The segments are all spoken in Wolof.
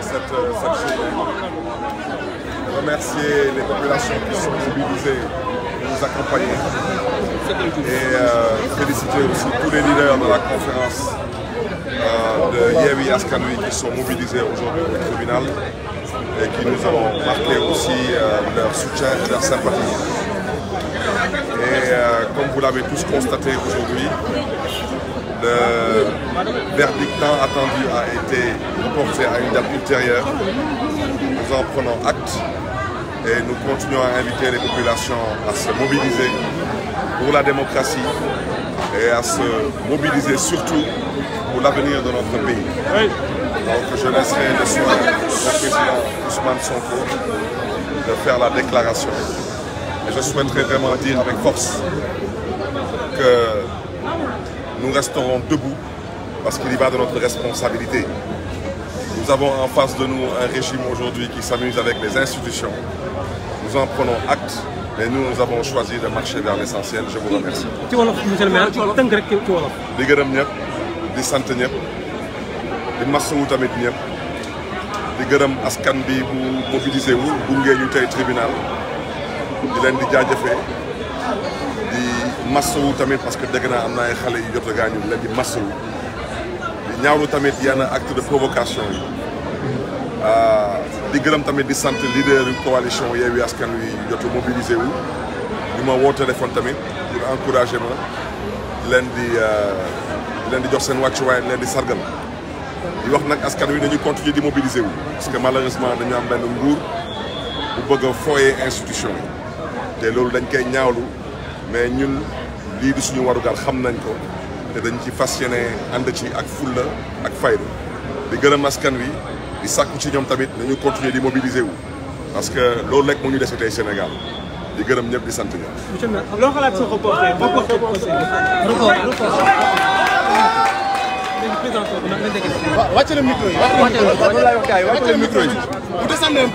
Cette, cette journée. Remercier les populations qui sont mobilisées pour nous accompagner. Et euh, féliciter aussi tous les leaders de la conférence euh, de Yewwi Askan Wi qui sont mobilisés aujourd'hui au tribunal et qui nous ont marqué aussi euh, leur soutien et leur sympathie. Et euh, comme vous l'avez tous constaté aujourd'hui, le verdict attendu a été reporté à une date ultérieure. Nous en prenons acte et nous continuons à inviter les populations à se mobiliser pour la démocratie et à se mobiliser surtout pour l'avenir de notre pays. Donc je laisserai le soin au président Ousmane Sonko de faire la déclaration. Et je souhaiterais vraiment dire avec force que nous resterons debout parce qu'il y va de notre responsabilité. Nous avons en face de nous un régime aujourd'hui qui s'amuse avec les institutions. Nous en prenons acte, mais nous, nous avons choisi de marcher vers l'essentiel. Je vous remercie. ci wolof monsieur le maire tënk rek ci wolof. di gërëm ñëpp di sant ñëpp di masawu tamit ñëpp di gërëm askan bi bu mobilisé wu gunge ñu tey tribunal. di leen di jaajëfee di masawu tamit parce que dégg naa am na ay xale yu jot a gaañu leen di masawu di ñaawlu tamit yenn acte de provocation yi ah, di gërëm tamit di sant leader yu coalition Yewwi Askan Wi jot a mobilisé wu ñu ma woo téléphone tamit pour encourager ma leen ah, di leen di jox seen wàccuwaay leen di sargal di wax nag askan wi dañuy continuer di mobiliser wu parce que malheureusement dañu am benn nguur bu bëgg a foyee institution yi te loolu dañ koy ñaawlu mais ñun lii di suñu warugar xam nañ ko te dañ ci fas yéene ànd ci ak fulla ak faydu di gërëm askan wi di sàkku ci ñoom tamit nañu continuer di mobiliser wu parce que loolu rek moo ñu dese tey Sénégal di gërëm ñëpp di sant ñoom. monsieur le maire loo xalaat sa reporté reporté wàcc na micro yi bu descendé un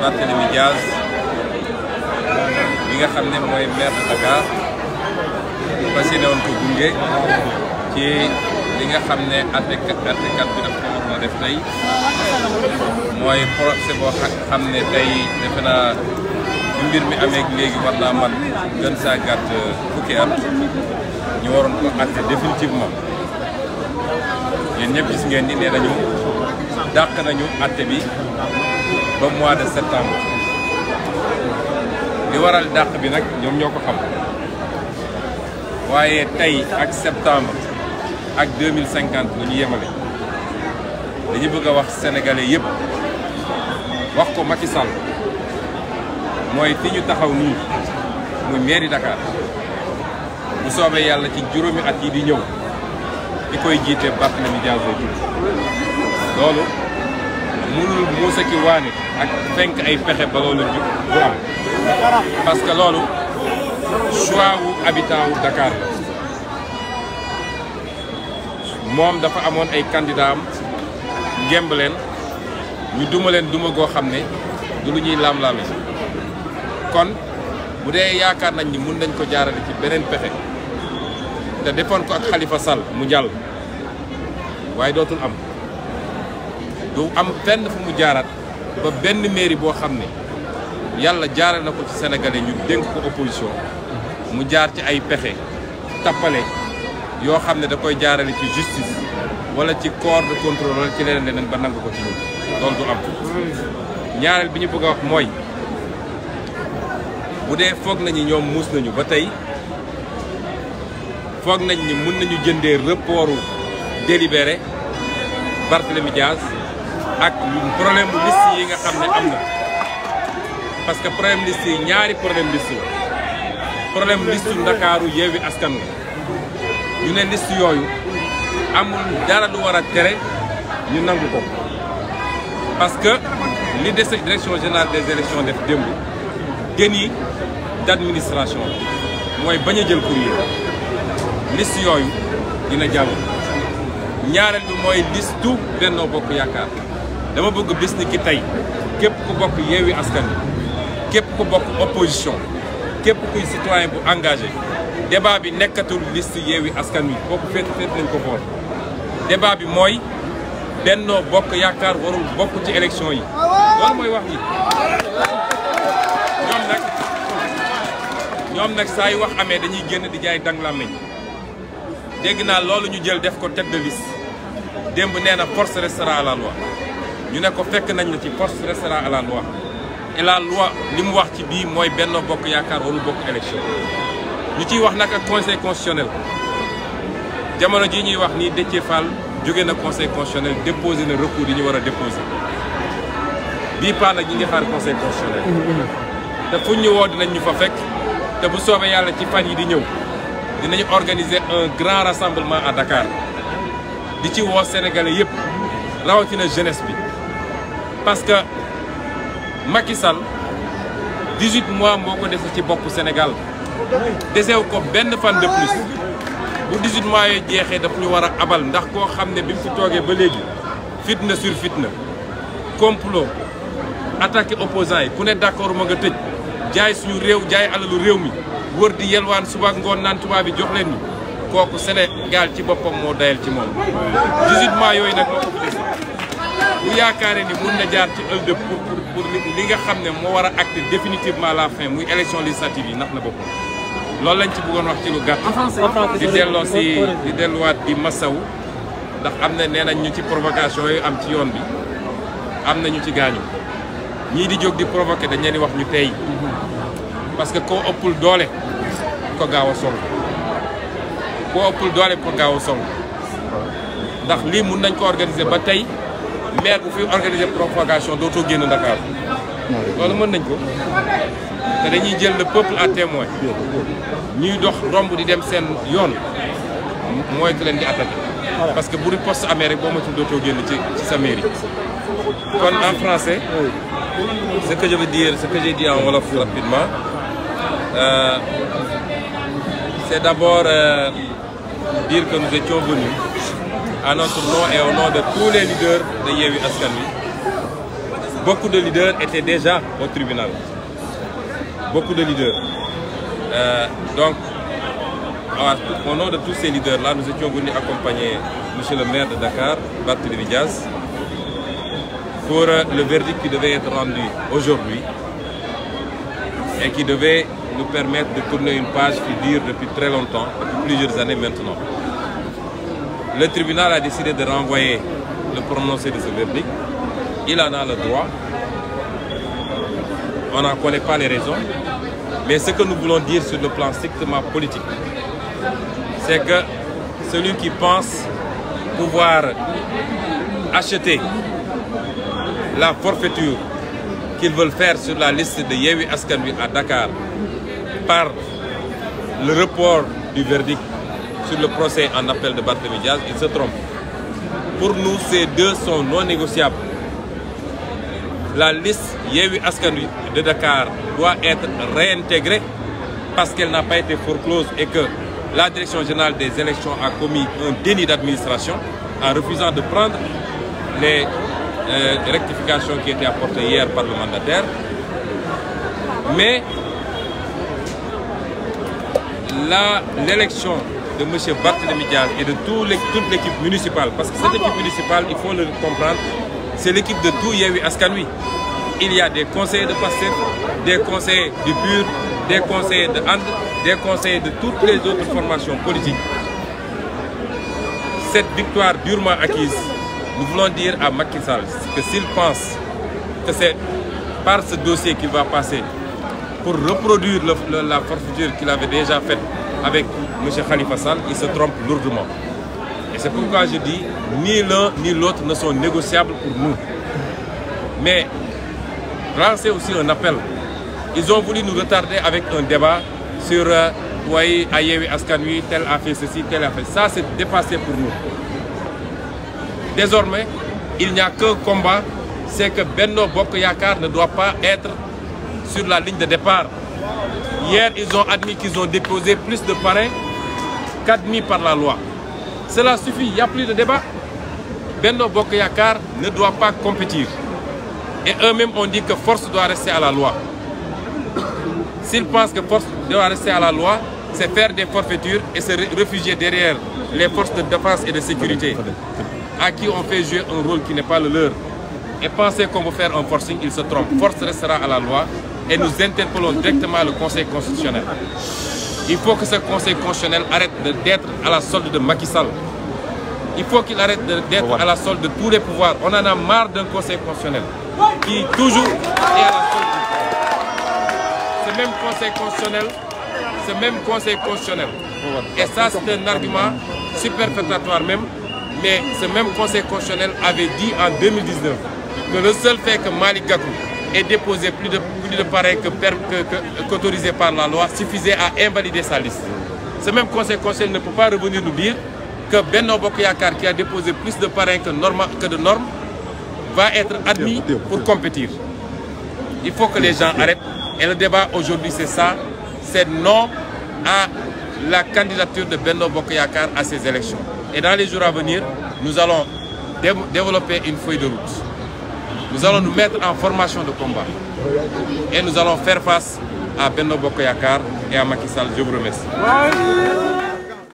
Barthélémy Diaz mi nga xam ne mooy maire de Dakar fas yéene ko gunge ci li nga xam ne àttekat àttekat bi daf ko war na def tey mooy procès boo xam ne tey defe naa ci mbir mi amee léegi war naa gën saa gàtt euh, fukki ñu waroon ko àtte définitivement yéen ñëpp ngeen ni nee nañu dàq nañu àtte bi ba mois de septembre li waral dàq bi nag ñoom ñoo ko xam waaye tey ak septembre ak 2050 la ñu yemale dañu bëgg a wax sénégalais yëpp wax ko Macky sal mooy fi ñu taxaw nii muy mairie Dakar bu soobee yàlla ci juróomi at yi di ñëw di koy jiite Barthélémy Dias loolu mënul muusa ki waane ak fenk ay pexe ba loolu ju bu am parce que loolu choix wu habitant wu Dakar la moom dafa amoon ay candidat am ñu duma leen duma goo xam ne du lu ñuy laam-laame kon bu dee yaakaar nañ ni mun nañ ko jaarale ci beneen pexe te defoon ko ak Khalifa Sall mu jàll waaye dootul am du am fenn fu mu jaaraat ba benn mairie boo xam ne yàlla jaare na ko ci sénégalais ñu dénk ko opposition mu jaar ci ay pexe tappale yoo xam ne da koy jaarale ci justice wala ci corps de contrôle wala ci leneen leneen ba nangu ko ci ñun loolu du am ñaareel bi ñu bëgg a wax mooy bu dee foog nañu ñoom muus nañu ba tey foog nañ ni mën nañu jëndee reportu délibéré Barthélemy Diaz ak problème bu liste yi nga xam ne am na parce que problème liste yi ñaari problème liste la problème liste ndakaaru yeewi askan la ñu ne liste yooyu amul dara lu war a tere ñu nangu ko parce que li dese direction générale des élections def démb géni d' mooy bañ a jël courrier liste yooyu dina jàll ñaareel bi mooy listu Benno Bokk Yaakaar dama bëgg bis ni ki tey képp ku bokk yeewi askan képp ku bokk opposition képp kuy citoyen bu engage débat bi nekkatul liste yeewi askan wi kooku féet féet nañ ko boor débat bi mooy bennoo bokk yaakaar warul bokk ci élection yi loolu mooy wax ji ñoom nag ñoom nag saa yu wax amee dañuy génn di jaay dang làmmiñ dégg naa loolu ñu jël def ko tête de liste démb nee na force restera ñu ne ko fekk nañ la ci force restera à la loi et la loi li mu wax ci bii mooy Benno Bokk Yaakaar warul bokk élection ñu ciy wax nag ak conseil constitutionnel jamono jii ñuy wax nii Déthié Fall jóge na conseil constitutionnel déposé na recours yi ñu war a déposé bii paa nag ñi ngi xaar conseil constitutionnel. te fuñ ñu woo dinañ ñu fa fekk te bu soobee yàlla ci fan yi di ñëw dinañu organiser un grand rassemblement à Dakar di ci woo Sénégalais yëpp rawatina jeunesse bi. parce que Macky Sall 18 mois moo ko dese ci bopp Sénégal desew ko benn fan de plus bu 18 mois yooyu jeexee dafa ñu war a abal ndax koo xam ne bi fu toogee ba léegi fitna sur fitna complot attaqué opposants yi ku ne d'accord ma nga tëj jaay suñu réew jaay alalu réew mi wër di yelwaan suba ngoon naan tubaab bi jox leen ñu kooku Sénégal ci boppam moo dayal ci moom 18 mois yooyu nag bu yaakaaree ni mun na jaar ci ëllëg pour pour li nga xam ne moo war a acter définitivement la fin muy élection législative yi nax na boppam. loolu lañ ci bëggoon wax ci lu gàtt. di delloo si di delluwaat di masawu ndax am na nee nañ ñu ci provocation yooyu am ci yoon bi am na ñu ci gaañu ñii di jóg di provoquer dañ leen di wax ñu tey parce que koo ëppul doole ko gaaw a song koo ëppul doole ko gaaw a song ndax lii mun nañ ko organiser ba tey. maire bu fi organiser propagation dootoo génn Dakar loolu mën nañ ko te dañuy jël le peuple à témoin ñuy dox romb di dem seen yoon mooy que di attaqué parce que bu riposte amee rek boo matul dootoo génn ci ci sa mairie kon en français ce que je veux dire ce que en wolof rapidement euh, c'est d'abord euh, dire que nous étions venus à notre nom et au nom de tous les leaders de Yewwi Askan Wi beaucoup de leaders étaient déjà au tribunal beaucoup de leaders euh, donc au nom de tous ces leaders là nous étions venus accompagner monsieur le maire de Dakar Barthélémy Diaz pour euh, le verdict qui devait être rendu aujourd'hui et qui devait nous permettre de tourner une page qui dure depuis très longtemps depuis plusieurs années maintenant Le tribunal a décidé de renvoyer le prononcé de ce verdict. Il en a le droit. On n'en connaît pas les raisons. Mais ce que nous voulons dire sur le plan strictement politique, c'est que celui qui pense pouvoir acheter la forfaiture qu'ils veulent faire sur la liste de Yewi Askanui à Dakar par le report du verdict sur le procès en appel de Barthélémy Diaz, il se trompe. Pour nous, ces deux sont négociables. La liste Yewi Askanui de Dakar doit être réintégrée parce qu'elle n'a pas été foreclose et que la Direction générale des élections a commis un déni d'administration en refusant de prendre les euh, rectifications qui étaient apportées par le mandataire. Mais l'élection de M. Barthélémy Diaz et de tout toute l'équipe municipale, parce que cette ah équipe municipale, il faut le comprendre, c'est l'équipe de tout Yewi Askanui. Il y a des conseillers de PASTEF, des conseillers du PUR, des conseillers de AND, des conseillers de toutes les autres formations politiques. Cette victoire durement acquise, nous voulons dire à Macky Sall que s'il pense que c'est par ce dossier qu'il va passer pour reproduire le, le, la forfaiture qu'il avait déjà faite avec M. Khalifa Sall, il se trompe lourdement. Et c'est pourquoi je dis, ni l'un ni l'autre ne sont négociables pour nous. Mais lancer aussi un appel. Ils ont voulu nous retarder avec un débat sur euh, Waye, Ayewi, tel a fait ceci, tel a fait ça. C'est dépassé pour nous. Désormais, il n'y a qu'un combat, c'est que Benno Bokayakar ne doit pas être sur la ligne de départ Hier, ils ont admis qu'ils ont déposé plus de parrains qu'admis par la loi. Cela suffit, il n'y a plus de débat. Benno Bokoyakar ne doit pas compétir. Et eux-mêmes ont dit que force doit rester à la loi. S'ils pensent que force doit rester à la loi, c'est faire des forfaitures et se réfugier derrière les forces de défense et de sécurité à qui on fait jouer un rôle qui n'est pas le leur. Et penser qu'on veut faire un forcing, ils se trompent. Force restera à la loi et nous interpellons directement le Conseil constitutionnel. Il faut que ce Conseil constitutionnel arrête d'être à la solde de Macky Il faut qu'il arrête d'être à la solde de tous les pouvoirs. On en a marre d'un Conseil constitutionnel qui toujours est à la solde Ce même Conseil constitutionnel, ce même Et ça, c'est un argument superfétatoire même, mais ce même Conseil constitutionnel avait dit en que le seul fait que Malik Gakou et déposé plus de, plus de pareil que, que, qu'autorisé par la loi suffisait à invalider sa liste. Ce même conseil conseil ne peut pas revenir nous dire que Benno Bokoyakar, qui a déposé plus de parrains que, que de normes, va être admis pour compétir. Il faut que les gens arrêtent. Et le débat aujourd'hui, c'est ça. C'est non à la candidature de Benno Bokoyakar à ces élections. Et dans les jours à venir, nous allons développer une feuille de route. Nous allons nous mettre en formation de combat. Et nous allons faire face à Benno Bokoyakar et à Macky Sall. Je vous remercie.